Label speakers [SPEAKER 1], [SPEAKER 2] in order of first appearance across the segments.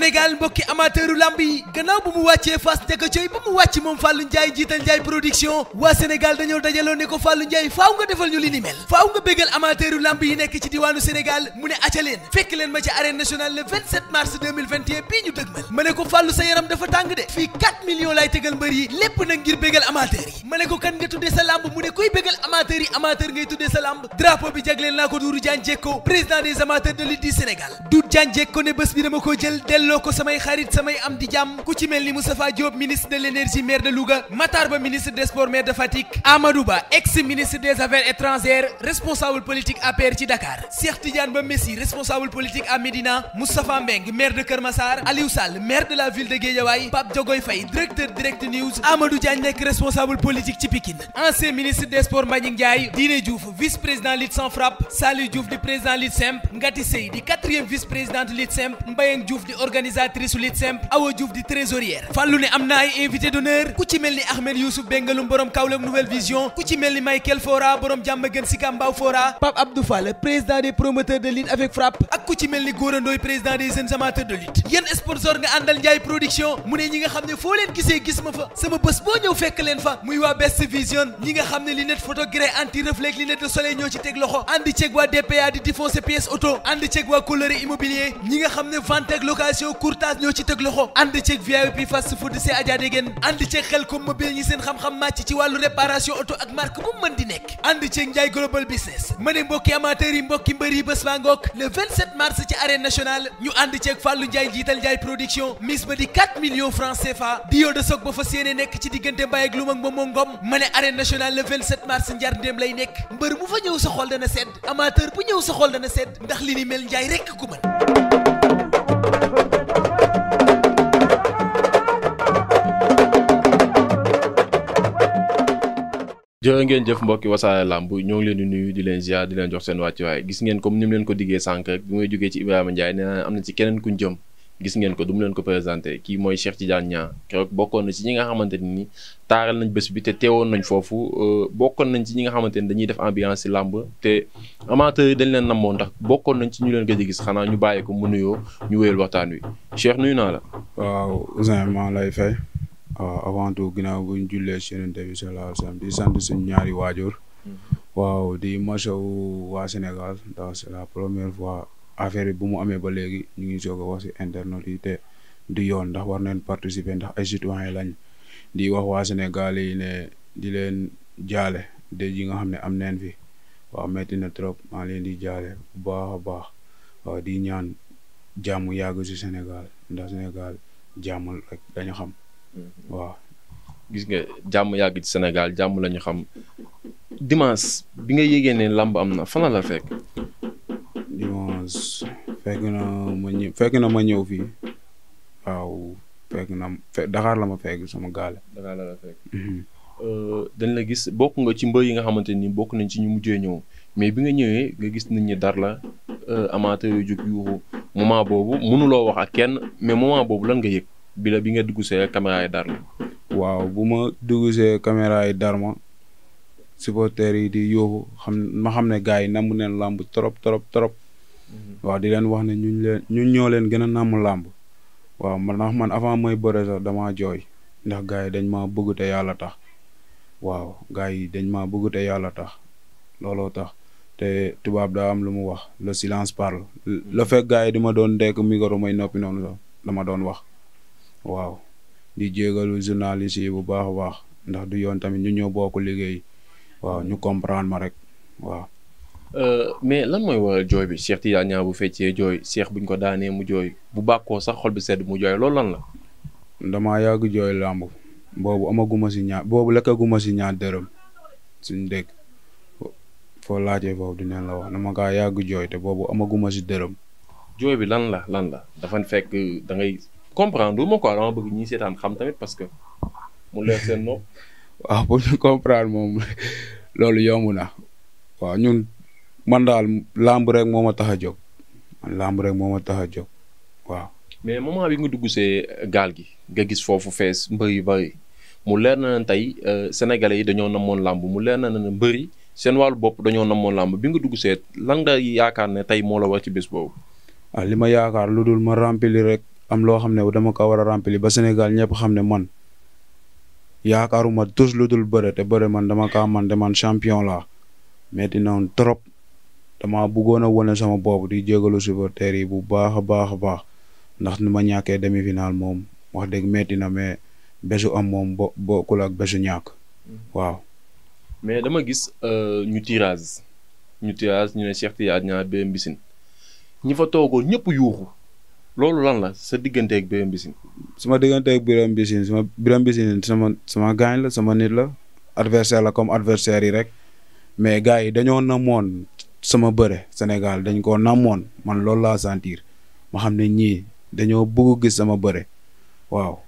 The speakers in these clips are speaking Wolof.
[SPEAKER 1] Sénégal Sénégal mbokki amateuru lamb yi gannaaw bu mu wàccee fas jaka coy ba mu wàcc moom Fallou Ndiaye jiital Ndiaye production waa Sénégal dañoo dajaloo ne ko Fallou Ndiaye faaw nga defal ñu li ni mel faaw nga bégal amateuru lamb yi nekk ci diwaanu Sénégal mu ne aca leen fekk leen ma ci arène nationale le 27 mars 2021 bii ñu dëgmal ma ne ko Fallou sa yaram dafa tàng de fii 4 millions laay tegal mbër yi lépp nag ngir bégal amateur yi ma ne ko kan nga tuddee sa lamb mu ne kuy bégal amateur yi bi ko samay xarit samay am di jàmm ku ci mel ni Moustapha Diop ministre de l'énergie maire de Louga Matar Ba ministre des sports maire de Fatick Amadou Ba ex ministre des affaires étrangères responsable politique APR ci Dakar Cheikh Tidiane Ba Messi responsable politique à Médina Moustapha Mbeng maire de Kër Massar Aliou maire de la ville de Guédiawaye Pape Diogoy Faye directeur direct news Amadou Diagne nekk responsable politique ci Pikine ancien ministre des organisatrice Awa Diouf di trésorière fàllu ne am na ay invité d'honneur ku ci mel ni Ahmed Youssouf Bengalum borom Kaolack Nouvelle Vision ku ci mel ni Michael Fora borom Jàmmagën Sicap Mbao Fora Pape Abdou Fall président des promoteurs de lutte avec frappe ak ku ci mel ni Gora président des jeunes amateurs de lutte yéen sponsor nga àndal Ndiaye production mu ne ñi nga xam ne foo leen gisee gis fa sama bés boo ñëw fekk leen fa muy waa Best Vision ñi nga xam ne lunette courtage ñoo ci teg loxo ànd ceeg VIP fast food see Adja Degen ànd ceeg xel comme mobile ñi seen xam-xam màcc ci wàllu réparation auto ak marque bu mën di nekk ànd ceeg Ndiaye global business ma ne mbokki amateurs yi mbokki mbër yi bés baa ngoog le mars ci arène nationale ñu ànd ceeg Fallou Ndiaye jiital Ndiaye production mise ba di 4 millions francs CFA dio de soog ba fa séenee nekk ci diggante Mbaye ak Lum ak Momo Ngom ma ne arène nationale le 27 mars njar ñëw sa xol dana sedd amateur ndax li ni mel Ndiaye
[SPEAKER 2] jërë ngeen jëf mbokki wasaare làmb ñoo ngi leen di nuyu di leen ziar di leen jox seen wàccuwaay gis ngeen comme ni leen ko diggee sànq rek bi may jógee ci Ibrahima Ndiaye nee am na ci keneen ku jëm gis ngeen ko du mu leen ko présenté ki mooy Cheikh Tidiane Niang bokkoon na ci ñi nga xamante ni taaral nañ bés bi te teewoon nañ foofu euh, bokkoon nañ ci ñi nga xamante ni dañuy def ambiance ci làmb te amateur yi dañ leen namoon ndax bokkoon nañ ci ñu leen gëj a gis xanaa ñu bàyyi ko mu nuyoo ñu wéyal waxtaan wi Cheikh nuyu naa la.
[SPEAKER 3] waaw Ousseyn maa lay fay. waaw euh, avant tout ginnaaw bu ñu jullee si yonent bi sallallahu alayhi wa sallam di sant suñu ñaari waajur. Mm-hmm. waaw di masawu waa Sénégal ndax c'est la première fois affaire bu mu amee ba léegi ñu ngi soog a wax si internet i te di yoon ndax war nañ participer ndax ay citoyen lañ di wax waa Sénégal yi ne di leen jaale de yi nga xam ne am neen fi waaw metti na trop maa leen di jaale bu baax a baax waaw di ñaan jàmm yàgg si Sénégal ndax Sénégal jàmm rek dañu xam. Mm-hmm. waaw
[SPEAKER 2] gis nga jàmm yàgg ci senegal jàmm la xam dimanche bi nga yégee ne làmb am na fan la fekk.
[SPEAKER 3] dimanche fekk na ma ñëw fekk na ma ñëw
[SPEAKER 2] fii waaw fekk na fe la ma fekk sama gaale. Mm-hmm. Euh, dañ la gis bokk nga ci mbër yi nga xamante ni bokk nañ ci ñu mujjee ñëw mais bi nga ñëwee nga gis nit ñi dar la euh, amateur yu jóg yuuxu moment boobu mënuloo wax ak kenn mais moment boobu lan nga yëg. bi bi nga dugg see caméra yi Darma. waaw bu ma
[SPEAKER 3] dugg see yi Darma supporters yi di yóbbu xam ma xam ne gars yi namm neen làmb trop trop trop. Mhm. waaw di leen wax ne ñuñ leen ñun ñoo leen gën a namm làmb waaw man ndax man avant may bëre sax damaa jooy ndax gars yi dañ maa bëgg te yàlla tax waaw gars yi dañ ma bëgg te yàlla tax looloo tax te tubaab daa am lu mu wax le silence parle. la mhm. fekk gars yi di ma doon dekk micro may noppi noonu sax dama doon wax. waaw di jégalu journaliste yi bu baax a baax ndax du yoon tamit ñu ñëw bokk liggéey waaw ñu comprendre ma rek waaw.
[SPEAKER 2] Euh, mais lan mooy waral jooy bi Cheikh Tidiane Niang bu feccee jooy Cheikh buñ ko daanee mu jooy bu bàkkoo sax xol bi sedd mu jooy loolu lan la.
[SPEAKER 3] damaa yàgg jooy làmb boobu amaguma si ñaar boobu lekkaguma si ñaar dërëm suñ dëkk foo laajee foofu dinañ la wax dama kaa yàgg jooy te boobu amaguma si dërëm.
[SPEAKER 2] dafa fekk da comprendre ma quoi dama bëgg ñi seetaan xam tamit parce que mu leer seen nopp.
[SPEAKER 3] waaw pour ñu comprendre moom loolu yomb na waaw ñun man daal làmb rek moom a tax a jóg man làmb rek moom ma tax a jóg waaw.
[SPEAKER 2] mais moment bi nga dugg see gaal gi nga gis foofu fees mbër yu bëri mu leer na ne tey euh, sénégalais yi dañoo namoon làmb mu leer na ne mbër yi seen wàllu bopp dañoo namoon làmb bi nga dugg seet lan yi yaakaar ne tey moo la war ci bés boobu.
[SPEAKER 3] Ah, li ma yaakaar lu dul ma remplir rek am loo xam ne dama ko war a rempli ba Sénégal ñëpp xam ne man yaakaaruma tus lu dul bëre te bëre man dama kaa man de man champion la metti na woon trop dama bëggoon a wane sama bopp di jégalu supporters yi bu baax a baax a baax ndax nu ma ñàkkee demi-finale moom wax dëgg metti na mais bésu am moom bo bokkul ak bésu ñàkk mm-hmm.
[SPEAKER 2] waaw. mais dama gis euh, ñu tirage ñu tirage ñu ne Cheikh Tidiane Niang Mbissine ñu fa toogoon ñëpp yuuxu. loolu lan la sa digganteeg Birame Mbissine.
[SPEAKER 3] sama digganteeg Birame Mbissine sama Birame Mbissine sama sama gaañ la sama nit la adversaire la comme adversaire yi rek mais gars yi dañoo namoon sama bëre Sénégal dañ koo namoon man loolu laa sentir ma xam ne ñii dañoo bëgg gis sama bëre waaw.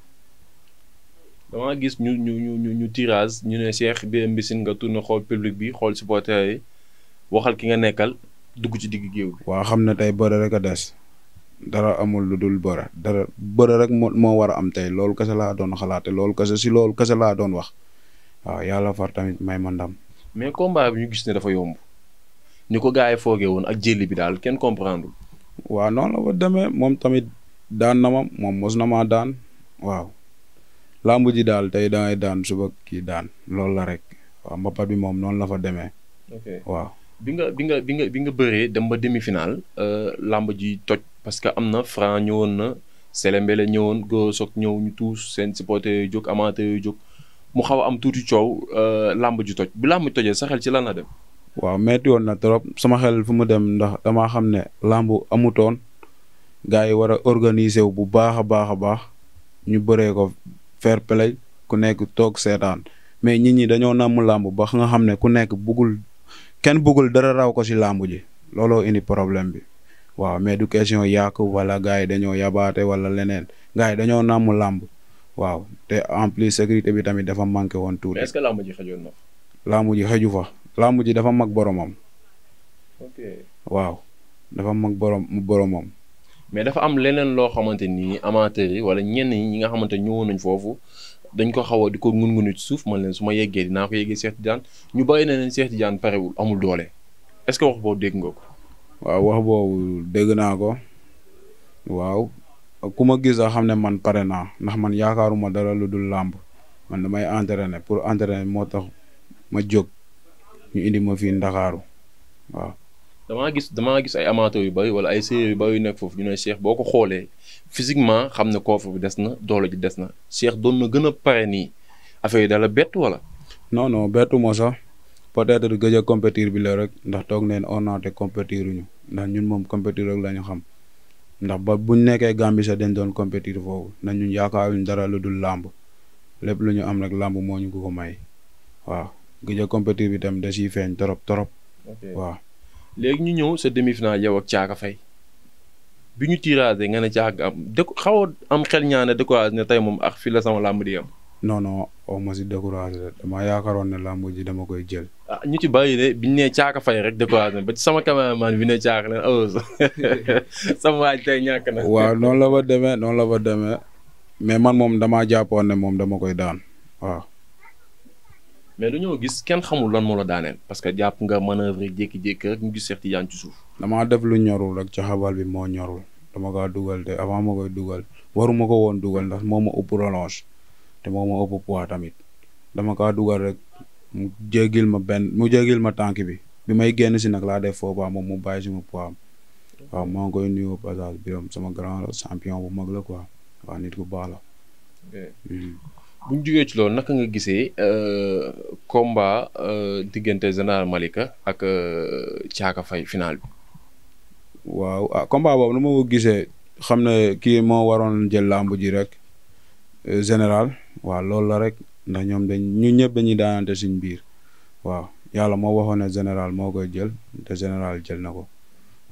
[SPEAKER 2] dama gis ñu ñu ñu ñu tirage ñu ne Cheikh Birame Mbissine nga tourné xool public bi xool supporter yi waxal ki nga nekkal dugg ci digg géew
[SPEAKER 3] bi. waaw xam na tey bëre rek a des. dara amul lu dul bëre dara bëre rek moo moo war a am tey loolu kese laa doon xalaate loolu kese si loolu kese laa doon wax
[SPEAKER 2] waaw yàlla far tamit may ma ndam. mais combat bi ñu gis ne dafa yomb ni ko gars yi foogee woon ak jëli bi daal kenn comprendre
[SPEAKER 3] waaw noonu moom tamit daan na ma moom mos na maa daan waaw ji daal tey dangay daan suba kii daan loolu la rek waaw bi moom noonu la fa demee. ok waaw
[SPEAKER 2] bi nga bi dem ba demi final. Euh, làmb ji toj. parce que am na Franc ñëwoon na Selembele ñëwoon Goro Sock ñëw ñu tous seen supporter yooyu jóg amateur yooyu jóg mu xaw a am tuuti coow euh, làmb ju toj bu làmb ji tojee sa xel ci lan la dem.
[SPEAKER 3] waaw metti woon na trop sama xel fu mu dem ndax damaa xam ne làmb amutoon gars yi war a organiser wu bu baax a baax a baax ñu bëree ko fair play ku nekk toog seetaan mais nit ñi dañoo namm làmb ba nga xam ne ku nekk bëggul kenn bëggul dara raw ko ci làmb ji looloo indi problème bi. waaw mais du question yàq wala gars yi dañoo yabaate wala leneen gars yi dañoo nàmm làmb waaw te en plus sécurité bi tamit dafa manqué woon tuuti. mais est-ce
[SPEAKER 2] que làmb ji xëjoon na.
[SPEAKER 3] làmb ji dafa mag boromam. ok waaw dafa mag borom boromam.
[SPEAKER 2] mais dafa am leneen loo xamante nii amateurs yi wala ñenn ñi nga xamante ñëwoon nañ foofu. dañ ko xaw a di ko ngun-ngunu ci suuf ma leen su ma yeggee dinaa ko yeggee Cheikh Tidiane ñu bay ne nañ Cheikh Tidiane pare amul doole est-ce que wax boobu dégg nga ko.
[SPEAKER 3] waaw wax boobu dégg naa ko waaw ku ma gis a xam ne man pare naa ndax man yaakaaruma dara lu dul làmb man damay entraîner pour entraîner moo tax ma jóg ñu indi ma fii Ndakaaru waaw.
[SPEAKER 2] damaa gis damaa gis ay amateurs yu bari wala ay séeréer yu bëri yu nekk foofu ñu ne Cheikh boo ko xoolee physiquement xam ne koo bi des na doole ji des na Cheikh doon na gën a pare nii affaire yi dala bett wala.
[SPEAKER 3] non non sax. peut-être gëj a bi la rek ndax toog neen on a te compétir ñu ndax ñun moom compétir rek la ñu xam ndax ba buñ nekkee Gambie sax dañ doon compétir foofu na ñun yaakaaruñ dara lu dul làmb lépp lu ñu am rek làmb moo ñu ko ko may waaw gëj a compétir bi tam da siy feeñ torop torop. waaw.
[SPEAKER 2] léegi ñu ñëw sa demi-finale yow ak Thiaka Faye bi ñu tirage nga ne Thiaka am de xaw a am xel ñaane décourage ne tey moom ak fi la sama làmb di am. non non au moins
[SPEAKER 3] décourage dama yaakaaroon ne làmb ji dama koy jël.
[SPEAKER 2] Ah, ñu ci bàyyi de biñ nee caaka fay rek découragé ba ci sama cameraman bi ne caaka ne oh sama waaj tey ñàkk na. waaw
[SPEAKER 3] noonu la ba demee noonu la ba demee mais man moom damaa jàppoon ne moom dama koy daan
[SPEAKER 2] waaw. mais dañoo gis kenn xamul lan moo la parce que jàpp nga manœuvre jékki-jékki rek ñu gis Cheikh Tidiane ci suuf.
[SPEAKER 3] damaa def lu ñorul rek ca xabal bi moo ñorul dama kaa dugal te avant ma koy dugal waruma ko woon dugal ndax moo ma ëpp rallonge te moo ma ëpp poids tamit dama kaa dugal rek mu jéggil ma benn mu jéggil ma tànk bi bi may génn si nag laa def foofu waaw moom mu bàyyi suma poids am waaw maa koy nuyu sama grand champion bu mag la quoi nit ku baax la.
[SPEAKER 2] Hmm. bu ñu jógee ci loolu naka nga gisee euh, combat euh, diggante général Malika ak euh, Thiaka Faye final bi. waaw ah combat boobu nu
[SPEAKER 3] ma gisee xam ne kii moo waroon jël làmb ji rek général waaw loolu la rek ndax ñoom dañ ñu ñëpp dañuy daanante suñ biir waaw yàlla moo waxoon ne général moo koy jël te
[SPEAKER 2] général jël na ko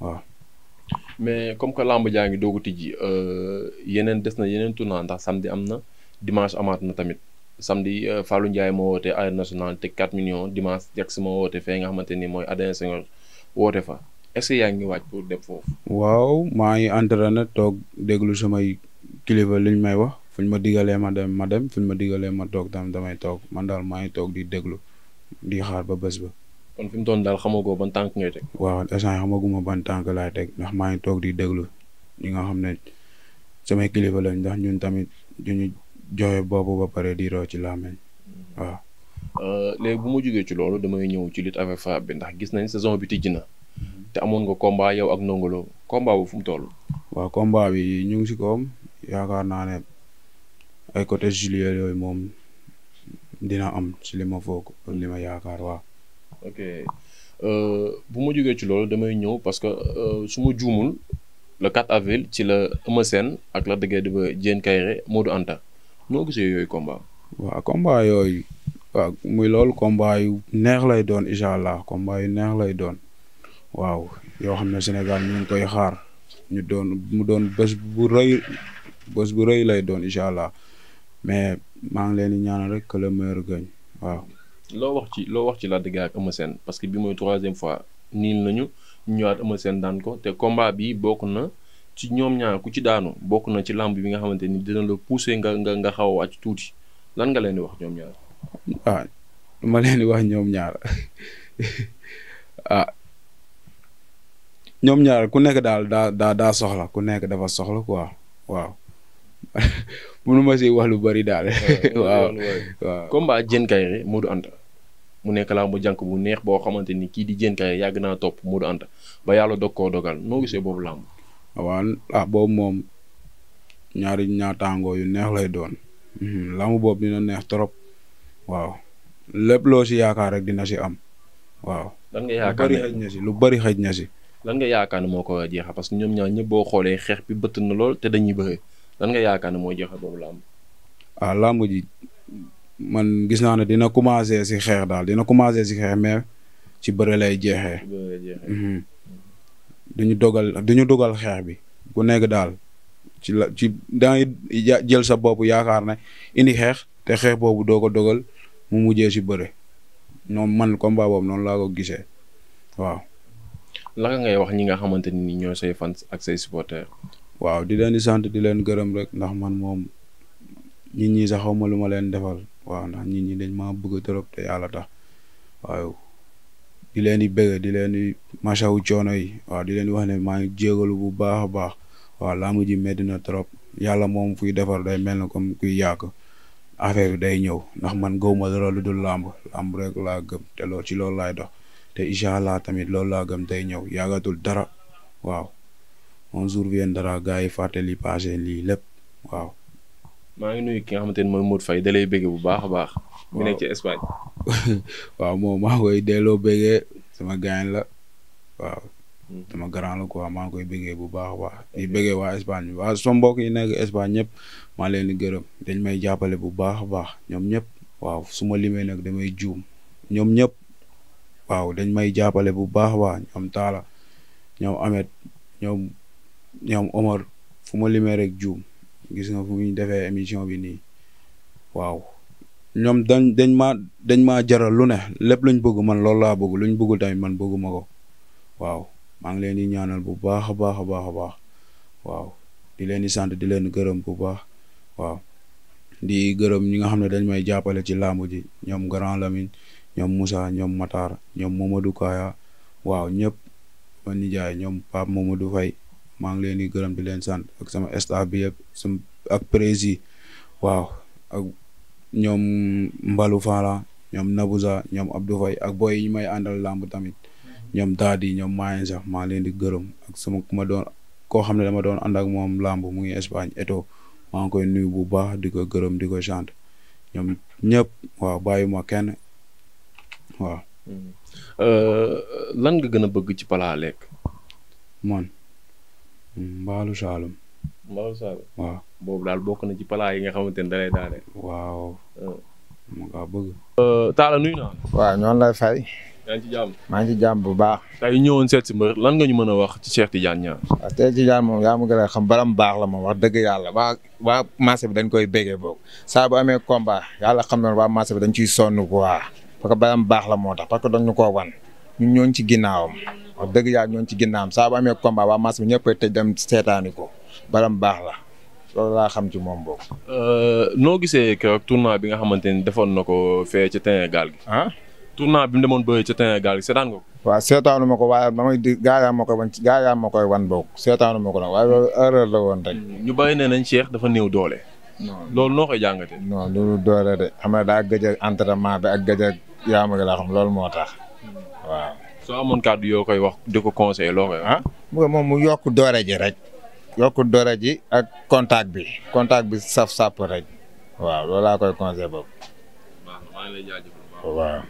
[SPEAKER 2] waaw. mais comme que làmb jaa ngi doog a tijji euh, yeneen des na yeneen tournoi ndax samedi am na dimanche amaat na tamit samedi euh, Fallou njaay moo woote arène nationale teg 4 millions dimanche Jax ma woote fee nga xamante ni mooy Adrien Senghor woote fa est yaa ngi waaj pour dem foofu.
[SPEAKER 3] waaw maa ngi entraîné toog déglu samay kilifa liñ may wax fuñ ma digalee ma dem ma dem fuñ ma digalee ma toog tam damay toog man daal maa ngi toog di déglu di xaar ba bés ba. kon fi mu doon daal xamagoo ban tànk ngay teg. waaw instant yii xamaguma ban tànk laay teg ndax maa ngi toog di déglu ñi nga xam ne samay kilifa lañ ndax ñun tamit ñu ñu joxe boobu ba pare di roo ci làmmiñ
[SPEAKER 2] waaw. Euh, bu ma jógee ci loolu damay ñëw ci lutte avec frappe bi ndax gis nañ saison bi tijji na te amoon nga combat yow ak Ndongo Lo combat bu fu mu toll.
[SPEAKER 3] waaw combat bi ñu si koom yaakaar naa ay côté juillet yooyu moom dina
[SPEAKER 2] am ci li foog li ma yaakaar waaw. ok euh, bu ma jógee ci loolu damay ñëw parce que euh, su ma juumul le 4 avril ci la Eumeu Sène ak la dëggee di ba Diène Kairé Modou Anta noo gisee yooyu combat.
[SPEAKER 3] waaw combat yooyu muy lool combat yu neex lay doon incha allah combat yu neex lay doon waaw yoo xam ne Sénégal ñu ngi koy xaar ñu doon mu doon bés bu rëy bés bu rëy lay doon incha allah. mais maa ngi leen di ñaanal rek que le
[SPEAKER 2] waaw. loo wax ci loo wax ci Lac de Guiers ak Eumeu Sène parce que bi mooy troisième fois niil nañu ñëwaat Eumeu seen daan ko te combat bi bokk na ci ñoom ñaar ku ci daanu bokk na ci làmb bi nga xamante ni dina la pousser nga nga nga xaw a wàcc tuuti lan nga leen di wax ñoom ñaar.
[SPEAKER 3] ah wax ñoom ñaar ah ku nekk daal daa daa daa soxla ku nekk dafa soxla quoi waaw.
[SPEAKER 2] mënu ma si wax lu bari daal. waaw waaw combat Diène Kaïré Modou Anta mu nekk laa mu jànk bu neex boo xamante ni kii di Diène Kaïré yàgg naa topp Modou Anta ba yàlla dog koo dogal noo gisee boobu làmb
[SPEAKER 3] waa ah boobu moom ñaari ñaataangoo yu neex lay doon. Hmm, làmb boobu dina neex trop. waaw lépp loo si yaakaar rek dina si am. waaw lan nga yaakaar lu bari xëj na si lu bari xëj na si.
[SPEAKER 2] lan nga yaakaar ne moo ko jeexal parce que ñoom ñaar ñëpp boo xoolee xeex bi bëtt na lool te dañuy bëre. lan nga yaakaar ne moo joxe boobu làmb.
[SPEAKER 3] a ah, làmb ji man gis naa ne dina commencé si xeex daal dina commencé si xeex mais ci bëre lay jeexee. Mhm. duñu dogal duñu dogal xeex bi ku nekk daal ci la ci dangay jël sa bopp yaakaar ne indi xeex te xeex boobu doo ko dogal mu mujjee si bëre noonu man combat boobu noonu laa ko gisee waaw. laka ngay wax ñi nga xamante ni ñoo say fans ak say supporters waaw di leen di sant di leen gërëm rek ndax man moom nit ñi sax xawma lu ma leen defal waaw ndax nit ñi dañ ma bëgg trop te yàlla tax waaw di leen di bëgg di leen di masawu coono yi waaw di leen di wax ne maa ngi jégalu bu baax a baax waaw laa mu ji metti na trop yàlla moom fuy defar day mel na comme kuy yàq affaire bi day ñëw ndax man gaw ma dara lu dul làmb làmb rek laa gëm te loolu ci loolu laay dox te incha allah tamit loolu laa gëm day ñëw yàggatul dara waaw. un jour viendra gars yi fàtte li passé lii lépp waaw. maa ngi nuyu ki nga xamante ni mooy Modou Faye da bu baax baax. waaw mu nekk ci Espagne. waaw moom sama gaañ la waaw. Hmm. sama grand la quoi bu baax a baax di bëggee waa Espagne waa sama mbokk yi nekk Espagne ñëpp maa leen di gërëm dañ may jàppale bu baax a baax ñoom ñëpp waaw suma ma limee nag damay juum ñoom ñëpp waaw dañ may jàppale bu baax a baax ñoom Talla ñoom Amet ñoom ñoom Omar fu ma limee rek juum gis nga fu ñu defee émission bi nii waaw ñoom dañ dañ ma dañ maa jaral lu ne lépp luñ bëgg man loolu laa bëgg luñ bëggul tamit man bëgguma ko waaw maa ngi leen di ñaanal bu baax a baax a baax a baax waaw di leen di sant di leen gërëm bu baax waaw di gërëm ñi nga xam ne dañ may jàppale ci làmb ji ñoom Grand Lamine ñoom Moussa ñoom Matar ñoom Momadou Kaya waaw ñëpp man nijaay ñoom Pape Momadou Faye maa ngi leen di gërëm di leen sant ak sama staff bi ak prési waaw ak ñoom Mbalu Fala ñoom nabusa ñoom Abdou Faye ak boy yi may àndal làmb tamit ñoom daadi ñoom maayen sax maa leen di gërëm ak sama ku koo xam ne dama doon ànd ak moom làmb mu ngi Espagne eto maa ngi koy nuyu bu baax di ko gërëm di ko sant ñoom ñëpp waaw
[SPEAKER 2] bàyyuma kenn waaw. Hmm. Euh, lan nga gën a bëgg ci palaa lekk. man mbaalu saalum mbaalu saalum waaw boobu daal bokk na ci palaa yi nga xamante ne dalay daane waaw mu nga bëgg euh, taala nuy naa
[SPEAKER 4] waa ñoonu lay fay yaa ci jàmm maa ngi ci jàmm bu baax tey ñëwoon seet si mbër lan nga ñu mën a wax ci Cheikh Tidiane Niang waaw tey Tidiane moom yaa ma gën a xam baram baax la moom wax dëgg yàlla waa waa marché bi dañ koy béggee boobu saa bu amee combat yàlla xam na waa marché bi dañ ciy sonn quoi parce que baram baax la moo tax parce que dañu ko wan ñun ci ginnaawam wax dëgg yàlla ñoo ci ginnaam saa bu amee combat waa mas bi ñëpp a tëj dem seetaani ko baram baax la loolu laa xam ci moom boobu.
[SPEAKER 2] Euh, noo gisee keroog tournoi bi nga xamante ni defoon na ko fee ca terrain gaal gi. Ah? bi demoon bëri ca terrain gaal gi seetaan nga ko.
[SPEAKER 4] waaw ma ko waaye damay gaa yaa ma koy wan gaa yaa ma koy wan boog seetaanu ma ko nag la woon rek. Hmm,
[SPEAKER 2] ñu bàyyi nee nañ
[SPEAKER 4] Cheikh dafa néew doole. non loolu noo koy jàngatee. non loolu doole de xam nga daa gëj a bi ak gëj a yaa la xam loolu moo tax hmm.
[SPEAKER 2] waaw. soo amoon kàddu yoo
[SPEAKER 4] koy wax di ko conseillé loo koy wax. moom mu yokk doore ji rek yokk doore ji ak contact bi contact bi saf sàpp rek waaw loolu laa koy conseillé boobu.
[SPEAKER 2] waaw.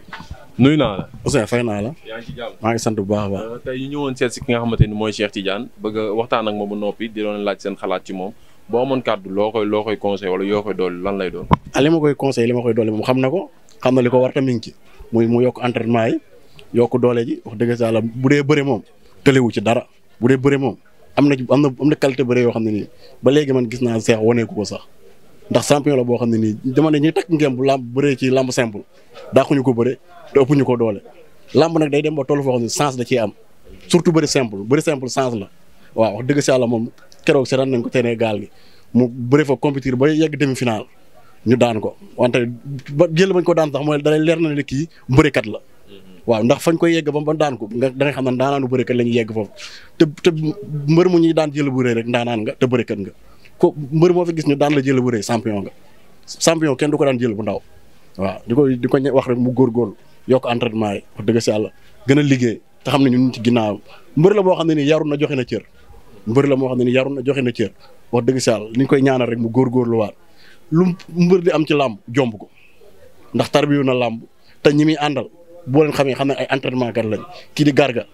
[SPEAKER 5] nuyu la. Ousseyn fay naa la. yaa ngi ci jàmm ngi sant bu baax a
[SPEAKER 4] baax.
[SPEAKER 2] Euh, ñëwoon seet ki nga xamante ni mooy Cheikh Tidiane bëgg ak moom ba noppi di doon laaj seen xalaat ci moom boo amoon kàddu loo koy loo koy conseillé wala yoo koy lan lay doon.
[SPEAKER 5] ah li ma koy conseillé li ma koy doole moom xam na ko xam na li ko war tamit ci muy mu yokk entraînement yi yokk doole ji wax dëgg yàlla bu dee bëre moom tëlewu ci dara bu dee bëre moom am na am na am na qualité bëre yoo xam ne nii ba léegi man gis naa seex waneeku ko sax ndax champion la boo xam ne nii dama ne ñuy takk bu làmb bëree ci làmb simple daaxuñu ko bëre te ëppuñu ko doole làmb nag day dem ba toll foo xam ne chance da ciy am surtout bëri simple bëri simple chance la waaw dëgg si yàlla moom keroog seetaan nañ ko teenee gaal gi mu bëri fa compétir ba yegg demi final ñu daan ko wante ba jël bañ ko daan sax mooy dalay leer na ne kii mbërikat la waaw ndax fañ koy yegg ba ba daan ko nga da nga xam ne ndaanaanu bërekat la mu ñuy daan jël bu rëy rek ndaanaan nga te bërekat nga ko mbër moo fi gis ñu daan la jël bu rëy champion nga champion kenn du ko daan jël bu ndaw waaw di ko di ko wax rek mu góorgóorlu yokk entraînement yi wax dëgg si yàlla gën a liggéey te xam ne ñun ci ginnaaw mbër la moo xam ne ni yaru na joxe na cër mbër la moo xam ne ni yaru na joxe na cër wax dëgg si yàlla li ñu koy ñaanal rek mu góorgóorluwaat lu mbër di am ci làmb jomb ko ndax tarbiyu na làmb te ñi muy àndal boo leen xamee xam ne ay entraînement kat lañ kii di garga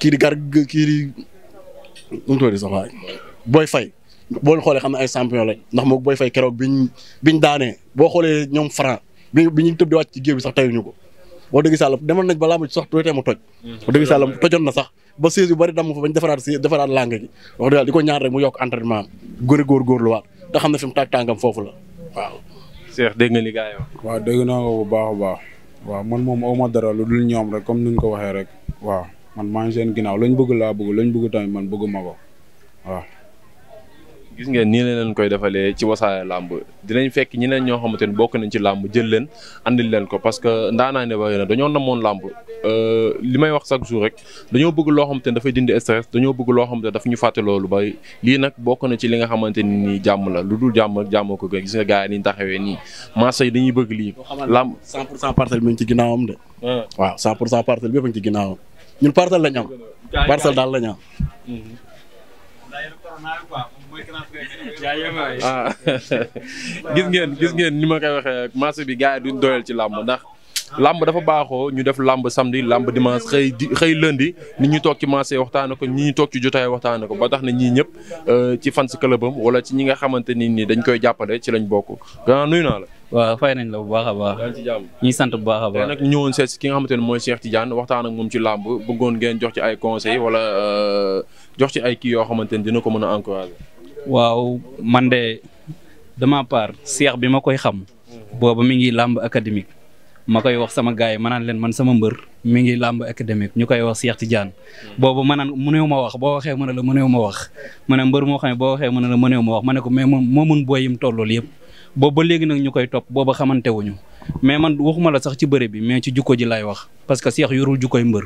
[SPEAKER 5] kii di garga kii di nu mu tudd sax waay booy fay boo leen xoolee xam ne ay champion lañ ndax moom booy fay keroog biñ biñ daanee boo xoolee ñoom franc bi bi ñu tëb di wàcc ci géew bi sax tayuñu ko. wax dëgg sàlla demoon nañ ba làmb ci sax tuuti mu toj.
[SPEAKER 6] Mm. wax dëgg sàlla
[SPEAKER 5] tojoon na sax ba siis yu bari damm fa bañ defaraat si defaraat langue gi wax dëgg di ko ñaan rek mu yokk entraînement am góor góor lu waat te xam ne fi mu tàgg tàngam foofu la waaw. Cheikh dégg
[SPEAKER 3] a waaw man moom awma dara lu dul ñoom rek comme ni ñu ko waxee rek waaw man maa ngi seen ginnaaw lañ bëgg laa bëgg lañ bëgg tamit man ma ko waaw
[SPEAKER 2] gis ngeen nii la leen koy defalee ci wasaare làmb dinañ fekk ñeneen ñoo xamante ni bokk nañ ci làmb jël leen andil leen ko parce que ndaanaa ne bari na dañoo namoon làmb euh, li may wax chaque jour rek dañoo bëgg loo xamante ni dafay dindi stress dañoo bëgg loo xam ni daf ñu fàtte loolu bari lii nag bokk na ci li nga xamante ni jàmm la lu dul jàmm ak jàmmoo ko gën gis nga gars yi niñ nii marché dañuy bëgg lii làmb 100 pour cent
[SPEAKER 5] parcelle bi ñu ci ginnaawam de waaw 100 pour cent parcelle bi ñu ci ginnaawam ñun parcelle lañ am parcelle
[SPEAKER 7] ah
[SPEAKER 2] gis ngeen gis ngeen ni ma koy waxee marché bi gars yi duñ doyal ci làmb ndax làmb dafa baaxoo ñu def làmb samedi làmb dimanche xëy di xëy lundi nit ñu toog ci marché waxtaana ko ñi ñu toog ci jotaay waxtaana ko ba tax na ñii ñëpp euh, ci fans clubam wala ci ñi nga xamante ni ni dañ koy jàppale ci lañ bokk gannaaw nuyu naa la. fay nañ la bu baax a baax. ñi sant bu baax a baax. nag ñu ñëwoon seet si ki nga xamante ne mooy Cheikh Tidiane waxtaan ak moom ci làmb bëggoon ngeen jox ci ay conseils wala euh, jox ci ay kii yoo xamante ni dina ko mën a encourager.
[SPEAKER 7] waaw man de de ma part seex bi ma koy xam. booba mi ngi làmb académique. ma koy wax sama gars yi ma naan leen man sama mbër mi ngi làmb académique ñu koy wax Cheikh Tidiane boobu ma naan mëneew ma wax boo waxee mën a la mëneew ma wax ma ne mbër moo xam ne boo waxee mën a la mëneew ma wax ma ne ko mais moom moo mun booy yim tollool yëpp. boobu ba léegi nag ñu koy topp booba xamante wuñu mais man waxuma la sax ci bëre bi mais ci jukko ji lay wax parce que Cheikh yorul jukkoy mbër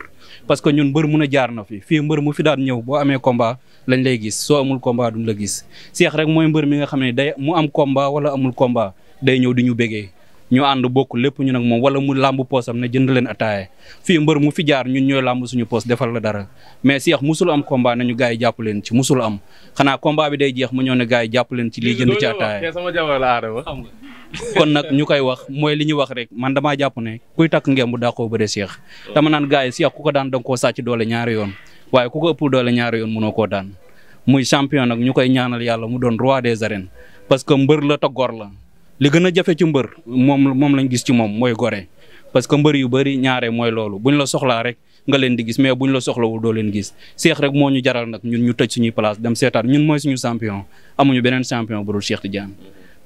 [SPEAKER 7] parce que ñun mbër mun a jaar na fi fii mbër mu fi daan ñëw boo amee komba lañ lay gis soo amul combat duñ la gis Cheikh rek mooy mbër mi nga xam ne day mu am combat wala amul combat day ñëw di ñu bégee ñu ànd bokk lépp ñu nag moom wala mu làmb poosam ne jënd leen attaaye fii mbër mu fi jaar ñun ñooy làmb suñu poos defal la dara mais Cheikh musul am combat nañu gars yi jàpp leen ci musul am xanaa combat bi day jeex mu ñëw ne yi jàpp leen ci lii jënd ci attaaye kon nag ñu koy wax mooy li ñu wax rek man damaa jàpp ne kuy takk ngeem bu daa koo bëre Cheikh dama naan gars yi Cheikh ku ko daan da nga koo sàcc doole ñaari yoon waaye ku ko ëpp doole ñaari yoon mënoo koo daan muy champion nag ñu koy ñaanal yàlla mu doon roi des arènes parce que mbër la te la li gën a jafe ci mbër moom moom lañ gis ci moom mooy gore parce que mbër yu bëri ñaare mooy loolu buñ la soxlaa rek nga leen di gis mais buñ la soxlawul doo leen gis Cheikh rek moo ñu jaral nag ñun ñu tëj suñuy place dem seetaan ñun mooy suñu champion amuñu beneen champion bu dul Cheikh Tidiane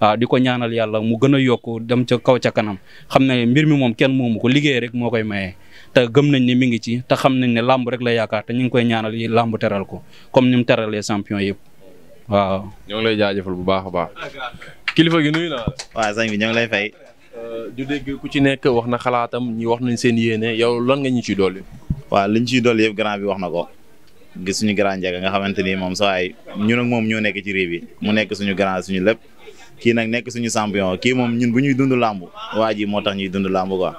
[SPEAKER 7] waaw di ko ñaanal yàlla mu gën a yokk dem ca kaw ca kanam xam ne mbir mi moom kenn moomu ko liggéey rek moo koy maye te gëm nañ ne mi ngi ci te xam nañ ne làmb rek la yaakaar te ñu ngi koy ñaanal yi làmb teral ko comme ni mu teralee champion yëpp waaw. ñoo ngi lay jaajëfal bu baax a baax. kilifa gi nuyu naa la. waaw sëñ bi ñoo ngi lay fay. Euh, du dégg ku ci nekk wax
[SPEAKER 6] na xalaatam ñi wax nañ seen yéene yow lan nga ñu ciy dolli. waaw ñu ci dolli yëpp grand bi wax na ko. gis suñu grand njëkk nga xamante ni moom saa waay ñu ak moom ñoo nekk ci réew bi mu nekk suñu grand suñu lépp. ki nag nekk suñu champion kii moom ñun bu ñuy dund làmb waa ji moo tax ñuy dund làmb quoi.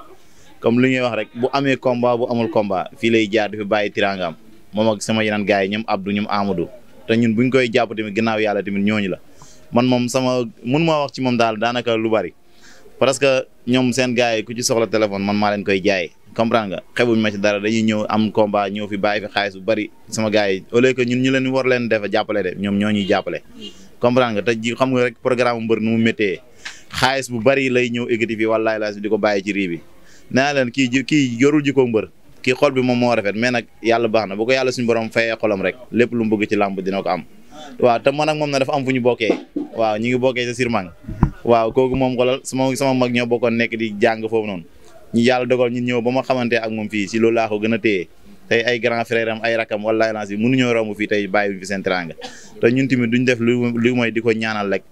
[SPEAKER 6] comme lu ñuy wax rek bu amee combat bu amul combat fii lay jaar di fi bàyyi tirangam moom ak sama yeneen gars yi ñoom Abdou ñoom Amadou te ñun buñ koy jàpp tamit ginnaaw yàlla tamit ñooñu la man moom sama mun maa wax ci moom daal daanaka lu bari parce ñoom seen gars yi ku ci soxla téléphone man maa leen koy jaay comprendre nga xebuñ ma ci dara dañuy ñëw am combat ñëw fi bàyyi fi xaalis bu bari sama gars yi au lieu que ñun ñu leen war leen defa jàppale de ñoom ñoo ñuy jàppale comprendre nga te ji xam nga rek programme mbër nu mu méttee xaalis bu bari lay ñëw éggati fi wallaay laas bi di ko bàyyi ci rii bi naa leen kii kii yorul ji ko mbër kii xol bi moom moo rafet mais nag yàlla baax na bu ko yàlla suñu borom fayee xolam rek lépp lu mu ci làmb dina ko am waaw ñu ngi bokkee sa Sirmang waaw kooku moom xolal sama sama mag ñoo bokkoon nekk di jàng foofu noonu ñu yàlla dogal ñu ñëw ba ma xamante ak moom fii si loolu laa ko gën a téye tey ay grand frère am ay rakam walaay lans bi mënuñoo romb fii tey bàyyi fi seen teranga te ñun tamit duñ def lu lu mooy di ko ñaanal rek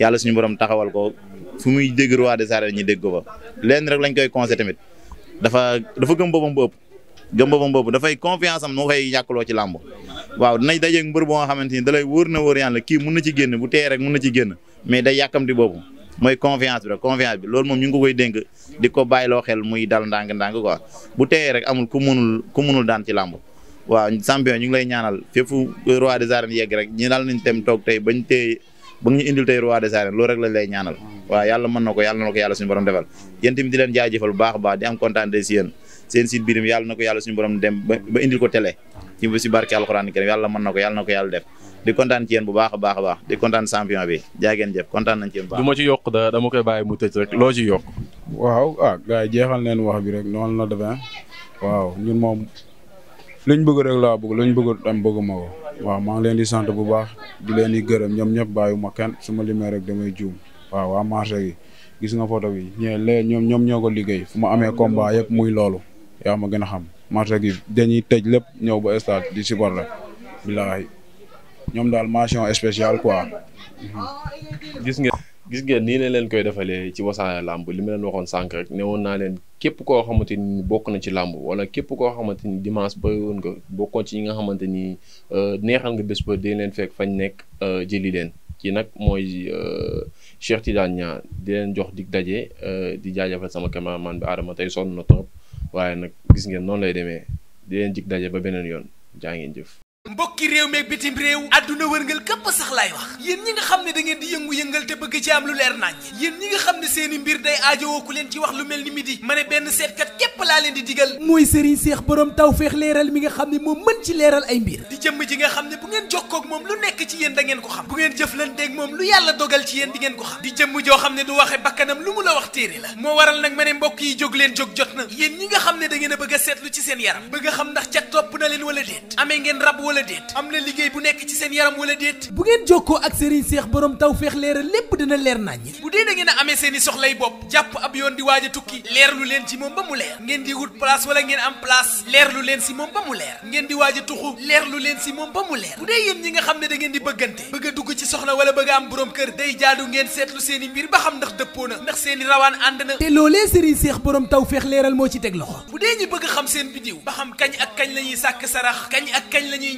[SPEAKER 6] yàlla suñu borom taxawal ko fu muy dégg roi des arènes ñu dégg ko fa leen rek lañ koy conseillé tamit dafa dafa gëm boppam bu gëm boppam boobu dafay confiance am moo koy ñàkkloo ci làmb waaw dinañ dajeeg mbër boo nga xamante ni dalay wóor na wóor la kii mun na ci génn bu teye rek mun na ci génn mais day yàkkamti boobu mooy confiance bi rek confiance bi loolu moom ñu ngi ko koy dénk di ko bàyyiloo xel muy dal ndànk-ndànk quoi bu teyee rek amul ku munul ku munul daan ci làmb waaw champion ñu ngi lay ñaanal fépp roi des arènes yegg rek ñu daal nañ tem toog tey bañ tey ba ñu indil tey roi des arènes loolu rek lay na ko yàlla na ko yàlla suñu borom defal yéen baax a baax di am kontaan seen si biiram yàlla na ko yàlla suñu borom dem ba indil ko télé ci ba si barke alxuraan karim yàlla mën na ko yàlla na ko yàlla def di kontaan ci yéen bu baax a baax a baax di kontaan champion bi jaageen jëf kontaan nañ ci yéen bu baax du
[SPEAKER 2] ma ci yokk da loo ci yokk waaw ah gars yi jeexal
[SPEAKER 3] neen wax bi rek noonu la defee waaw ñun moom luñ bëgg rek laa bëgg luñ bëgg am bëgg waaw maa ngi leen di sant bu baax di leen di gërëm ñoom ñëpp bàyyi ma kenn su ma limee rek damay juum waaw waa marché gi gis nga photo bi ñee lee ñoom ñoom ñoo ko liggéey fu ma amee combat yëpp muy loolu yaa ma gën a xam marché gi dañuy tëj lépp ñëw ba stade di supporter billahi ñoom daal mention spéciale quoi.
[SPEAKER 2] gis ngeen gis ngeen nii leen leen koy defalee ci wasaare làmb li ma leen waxoon sànq rek ne woon naa leen képp koo xamante ni bokk na ci làmb wala képp koo xamante ni dimanche ba woon nga bokkoon ci ñi nga xamante ni euh, neexal nga bés ba dee leen fekk fañ nekk euh, jëli leen kii nag mooy euh, Cheikh Tidiane Niang di leen jox dig daje di jaajëfal sama cameraman bi Adama tey sonn waaye nag gis ngeen noonu lay demee di leen jig daje ba beneen yoon jaa ngeen
[SPEAKER 1] jëf. mbokki réew meeg bitim réew àdduna wërngal képp sax laay wax yéen ñi nga xam ne da ngeen di yëngu-yëngal te bëgg ci am lu leer nañ yéen ñi nga xam ne seeni mbir day aajowoo leen ci wax lu mel ni midi ma ne benn seetkat képp laa leen di digal mooy sëriñ seex borom tawfeex mi nga xam ne moom mën ci leeral ay mbir di jëmm ji nga xam ne bu ngeen jokkoo ak moom lu nekk ci yéen ngeen ko xam bu ngeen jëflanteeg moom lu yàlla dogal ci yen di ngeen ko xam di jëmm joo xam ne du waxe bakkanam lu mu la wax téere la moo waral nag ma ne mbokk yi jóg leen jóg jot na yéen ñi nga xam ne da ngeen bëgg a seetlu ci seen yaram bëgg xam ndax ca topp na leen wala déet amee ngeen rab wala déet am na liggéey bu nekk ci seen yaram wala déet bu ngeen jokkoo ak Serigne Seex borom taw feex leeral lépp dina leer naññ bu dee da ngeen amee seen i soxlay bopp jàpp ab yoon di waaj tukki leerlu leen ci moom ba mu leer ngeen di wut place wala ngeen am place leerlu leen si moom ba mu leer ngeen di waaj tuxu leerlu leen si moom ba mu leer bu dee yéen ñi nga xam ne da di bëggante bëgg dugg ci soxna wala bëgg am borom kër day jaadu ngeen